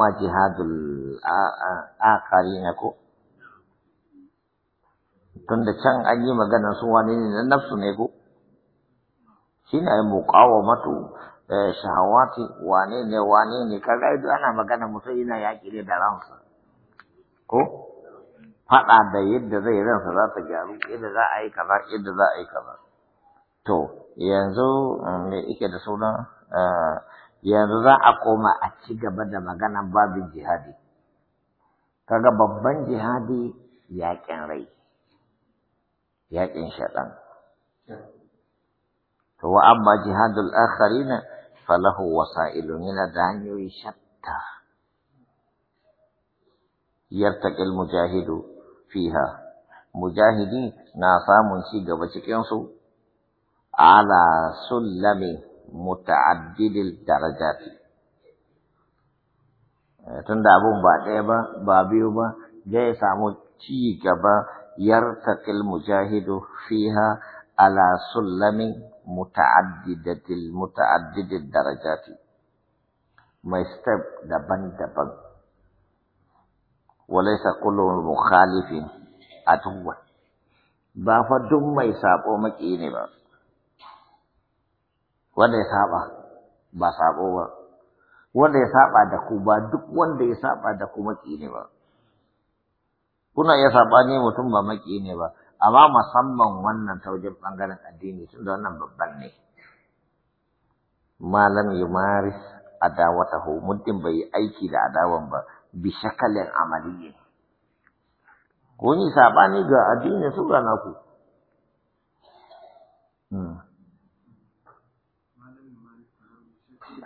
amma jihadul na ko tun da can an yi magana su wani ne na nafsu ne ko shi ne ai matu, eh, shahawati wane ne wane ne ka ga idu ana magana mutum yana yaƙi ne da ransa ko faɗa da yadda zai ransa za ta gyaru yadda za a yi kaza yadda za a yi kaza to yanzu mm, me ike da sunan. Eh, yanzu za a koma a ci gaba da maganan babin jihadi kaga babban jihadi yaƙin rai yaƙin shaɗan to wa amma jihadul akharina falahu wasa'ilun yana da hanyoyi shatta yartaqi mujahidu fiha mujahidi na samun ci gaba cikin su ala sullami muta'addidil darajati da abun ba ɗaya ba ba biyu ba zai samu ci gaba yartaqil mujahidu fiha ala sullamin muta'addidatil muta'addidid darajati mai step daban-daban walaysa kullu mukhalifin aduwa ba fa duk mai sabo maki ne ba wanda ya saba ba sabo ba wanda ya saba da ku ba duk wanda ya saba da ku maki ne ba kuna iya saba ne mutum ba maki ne ba amma musamman wannan ta bangaren addini tun da wannan babban ne malam yumaris adawatahu muddin bai yi aiki da adawan ba bi shakalin amaliyyin ko ni ne ga addini su ga naku hmm.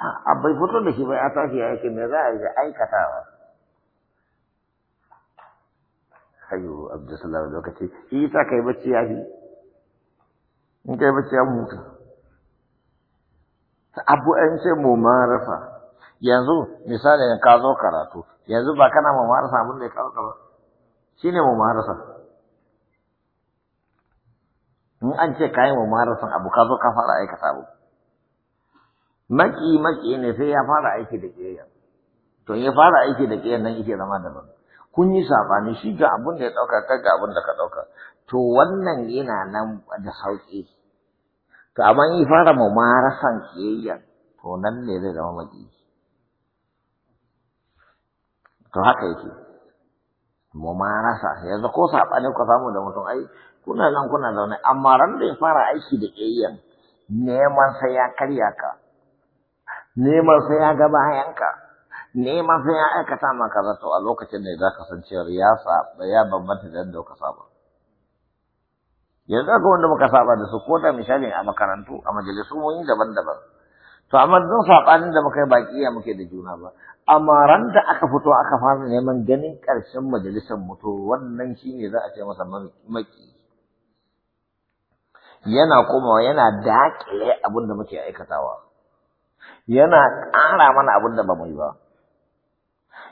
a bai fito da shi bai a tashi ya yake me za a yi aikatawa hayo abdusalam lokaci shi ta kai bacci ya fi in kai bacci ya mutu abu an ce mu marafa yanzu misali ka zo karatu yanzu ba kana mu marasa abin da ya kawo ba ne mu marasa in an ce kayan mu marasan abu ka zo ka fara aikata abu maki maki ne sai ya fara aiki da ƙiyayya to ya fara aiki da ƙiyayya nan yake zama daban kun yi sabani shi ga abin da ya ɗauka ka ga abin da ka ɗauka to wannan yana nan da sauƙi to amma yi fara mu san ƙiyayya to nan ne zai zama maki to haka yake mu marasa yanzu ko saɓani ku samu da mutum ai kuna nan kuna zaune amma ran da ya fara aiki da ƙiyayyan neman sai ya karya ka neman sai ya ga bayanka neman sai ya aikata maka za a lokacin ne za ka san ya saba ya bambanta da yadda ka saba yanzu ga wanda muka saba da su ko da misali a makarantu a majalisu mun daban-daban to amma zan sabanin da muka yi baki ya muke da juna ba amma ran da aka fito aka fara neman ganin ƙarshen majalisar mutu wannan shine za a ce masa maki yana komawa yana daƙile abin da muke aikatawa yana ƙara mana abin da ba mu yi ba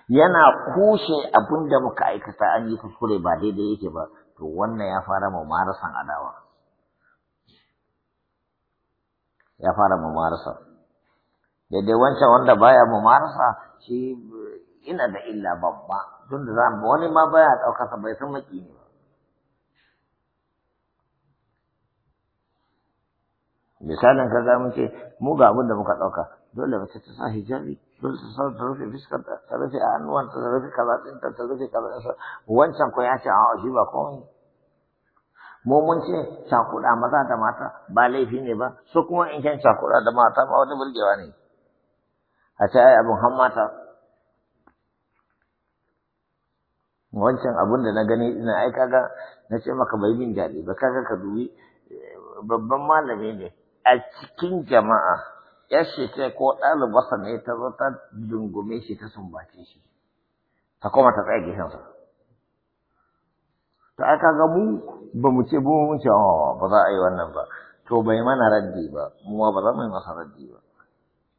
yana kushe abin da muka aikata an yi kuskure ba daidai yake ba to wannan ya fara mu marasan adawa ya fara mu marasa daidai wancan wanda baya mu marasa shi ina da illa babba tun da zamu wani ma baya ɗaukarsa bai san maki ne ba misalin ka ga muke ce mu ga abin da muka ɗauka dole mace ta sa hijabi dole ta sa ta rufe fuska ta ta rufe hannuwan ta rufe kaza din ta ta rufe kaza sa wancan ko ya ce a shi ba komai mu mun ce cakuda maza da mata ba laifi ne ba su kuma in kyan cakuda da mata ma wata burgewa ne a ce ai abun han mata wancan abun da na gani ina ai kaga na ce maka bai bin daɗi ba kaga ka dubi eh, babban malami ne a cikin jama'a yashi ce ko ɗalibarsa ne ta zo ta dungume shi ta sumbace shi ta koma ta tsaya gefensa ta aka ga mu ba mu ce mu mun ce oh, ba za a yi wannan ba to bai mana raddi ba mu ba za mu yi masa raddi ba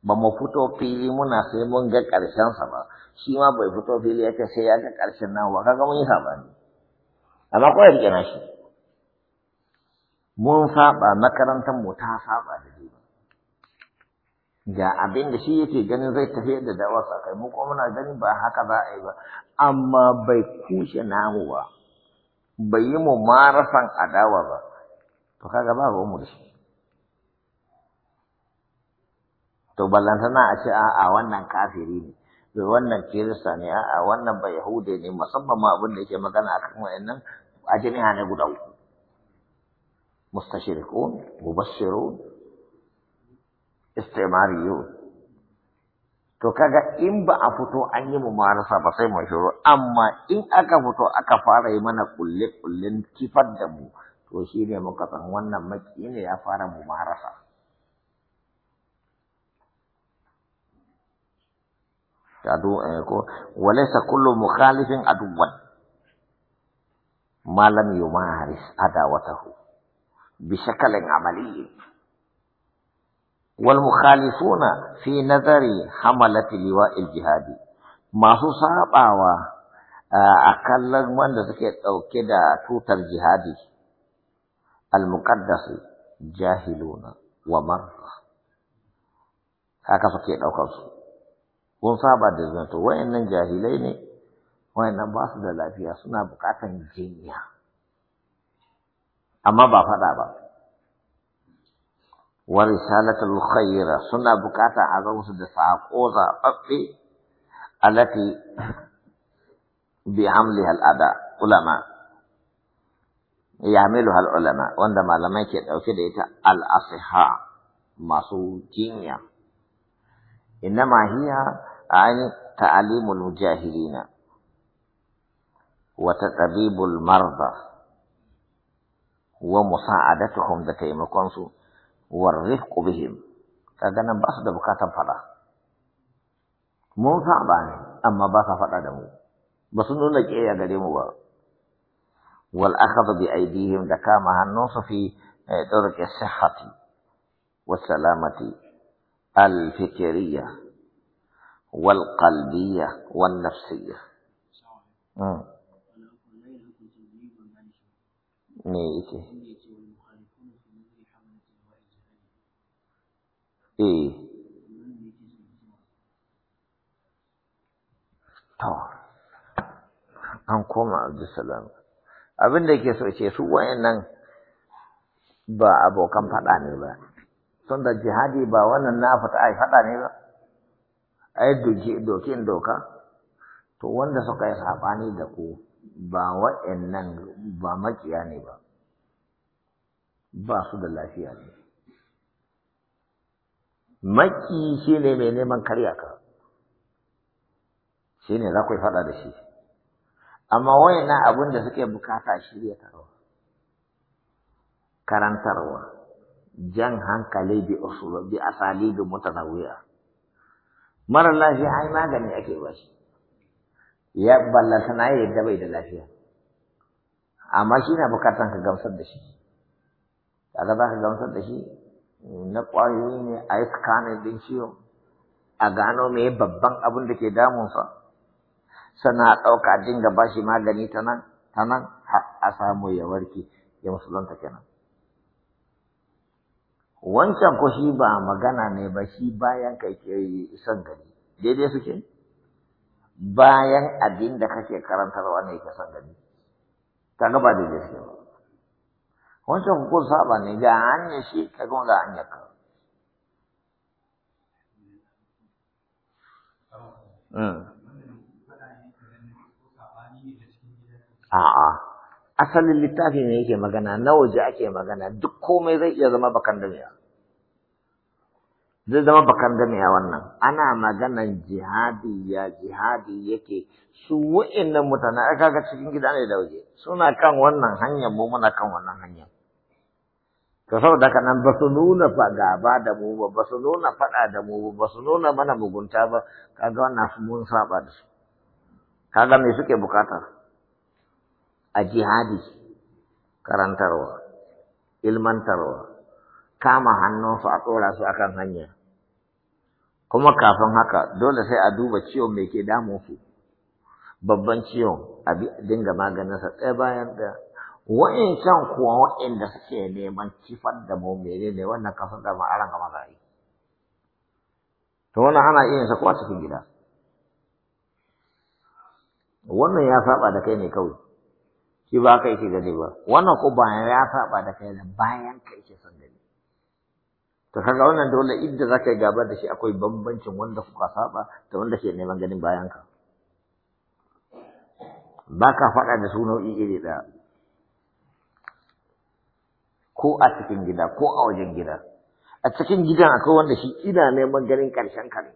ba mu fito fili muna sai mun ga ƙarshensa ba shi ma bai fito fili ya ce sai ya ga ƙarshen nan ba kaga mun yi saɓani amma kawai rike na shi mun saɓa makarantar mu ta saɓa da ga abin da shi yake ganin zai tafi da da'awar sa kai mu kuma muna ganin ba haka za a yi ba amma bai kushe namu ba bai yi mu marafan adawa ba to kaga ba ruwan mu da shi to ballantana a ce a'a wannan kafiri ne bai wannan kirista ne a'a wannan bai yahude ne musamman ma abin da yake magana a akan wayannan jini ne guda uku mustashirikun mubashirun istimariyun to kaga in ba a fito an yi mumarasa ba sai mu shiru amma in aka fito aka fara yi mana kulle kullen kifar da mu to shi ne muka wannan maki ne ya fara mumarasa adu eh, ko walaysa kullu mukhalifin aduwan ma yumaris adawatahu bi shakalin amaliyyin والمخالفون في نظر حملة لواء الجهاد ما هو صعب أو أقل من ذلك أو كذا توت الجهاد المقدس جاهلون ومر هكذا سكيت أو خلص كون صعب أدزنته وإن جاهلين وإن باس دلافيا سنا بقاتا جينيا أما بافا دابا ورسالة الخير سنة بكاتا عظم سدسعة قوضة أبقي التي بعملها الأداء علماء يعملها العلماء وعندما لم يكن أو كده الأصحاء مصوتين إنما هي عن تعليم المجاهلين وتتبيب المرضى ومساعدتهم لكي مكونسوا والرفق بهم كان بس ده بكات فلا مو ثعبان أما بس فلا دمو بس نقول لك إيه هذا دمو والأخذ بأيديهم دكامة النص في درك الصحة والسلامة الفكرية والقلبية والنفسية نعم eh an koma salam abin da yake so ce su wayannan ba abokan faɗa ne ba sun da jihadi ba wannan na fata ai faɗa ne ba ai doki dokin doka to wanda suka yi saɓani da ku ba nan ba maƙiya ne ba ba su da lafiya ne maki shi ne mai neman karya ka shi ne za ku yi faɗa da shi amma wayannan abin da suke bukata ya tarwa karantarwa jan hankali bi usul bi asali bi mutanawiya mara lafiya ai magani ake ba shi ya ballanta na yadda bai da lafiya amma shi na bukatan ka gamsar da shi kaga za ka gamsar da shi na ƙwayoyi ne a yi tsakanin din a gano mai babban abin da ke damunsa sannan a ɗauka dinga ba shi magani ta nan ta nan a samu ya warke ya musulunta kenan wancan ko shi ba magana ne ba shi bayan kai ke son gani daidai suke bayan abin da kake karantarwa ne ke son gani ta gaba daidai suke ba wancan kun saba ne da hanyar shi ka kuma ga hanyar ka hmm. a'a asalin littafi ne yake magana na waje ake magana duk komai zai iya zama bakan da zai zama bakan gani a wannan ana maganan jihadi ya jihadi yake su wa'annan mutane a kaga cikin gida ne da waje suna kan wannan hanyar mu muna kan wannan hanyar to sau da nan ba su nuna gaba da mu ba ba su nuna faɗa da mu ba ba su nuna mana mugunta ba kaga wannan mun saba da su kaga me suke bukata a jihadi karantarwa ilmantarwa kama hannunsu a tsora su akan hanya kuma kafin haka dole sai a duba ciwon mai ke damun su babban ciwon a dinga maganinsa ɗaya bayan da wa'incan kuwa wa'inda suke neman kifar da mu ne wannan kafin da ma'aran ga maza yi to wannan ana iya sa kowa cikin gida wannan ya saba da kai ne kawai shi ba ka yake gani ba wannan ko bayan ya saba da kai ne bayan ka yake son gani to kaga wannan dole idda zaka yi gaba da shi akwai bambancin wanda kuka saba da wanda ke neman ganin bayan ka ba ka faɗa da su nau'i iri ɗaya ko a cikin gida ko a wajen gida a cikin gidan akwai wanda shi ina neman ganin ƙarshen ka ne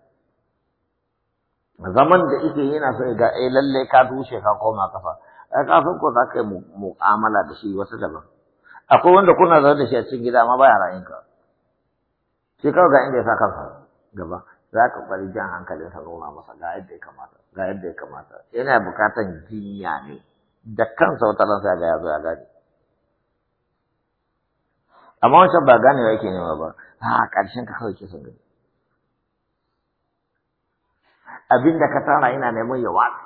zaman da ike yana so ga eh lallai ka tushe ka koma kafa a kafin ko za ka yi mu'amala da shi wasu daban akwai wanda kuna zaune da shi a cikin gida amma baya ra'ayinka shi kawai ga inda ya sa kansa gaba za ka bari jan hankalin sa nuna masa ga yadda ya kamata ga yadda ya kamata yana bukatan jinya ne da kansa wata ran sai ga ya zo ya gane amma wancan ba ganewa yake nema ba a ƙarshen ka kawai ke son gani abinda ka tara ina neman ya wata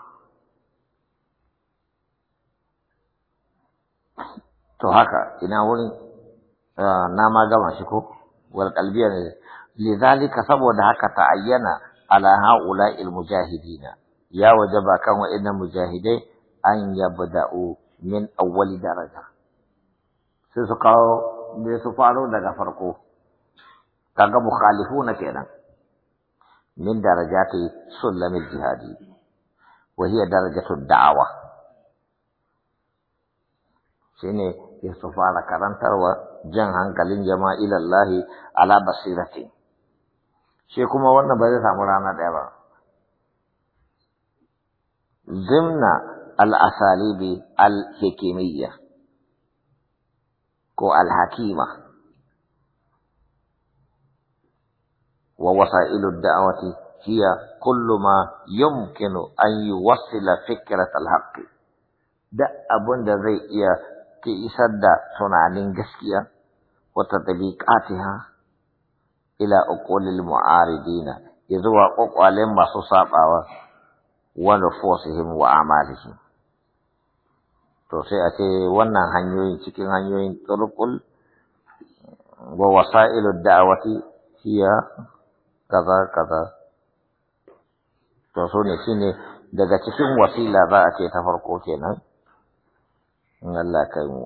to haka ina wurin ah, na ma gama shi ko والقلبية لذلك سبود هكا تعين على هؤلاء المجاهدين يا وجب كان وإن المجاهدين أن يبدأوا من أول درجة سيسقوا بسفارو لغا فرقو كاغا مخالفون كينا من درجات سلم الجهاد وهي درجة الدعوة شيني يسفار كرنتر jan hankalin jama'a Allahi ala basirati shi kuma wannan ba zai samu rana ɗaya ba zimna al-asalibi al-hikimiyya ko al-hakima wa ووسائل الدعوة هي كل ما يمكن أن يوصل فكرة الحق ده أبن ده zai iya ki isar da tunanin gaskiya wa tatbiqatiha ila uqulil mu'aridina zuwa kwakwalen masu sabawa wa nufusihim wa amalihim to sai a ce wannan hanyoyin cikin hanyoyin turqul wa wasailud da'wati hiya kaza kaza to so ne shine daga cikin wasila za a ce ta farko kenan in Allah kai mu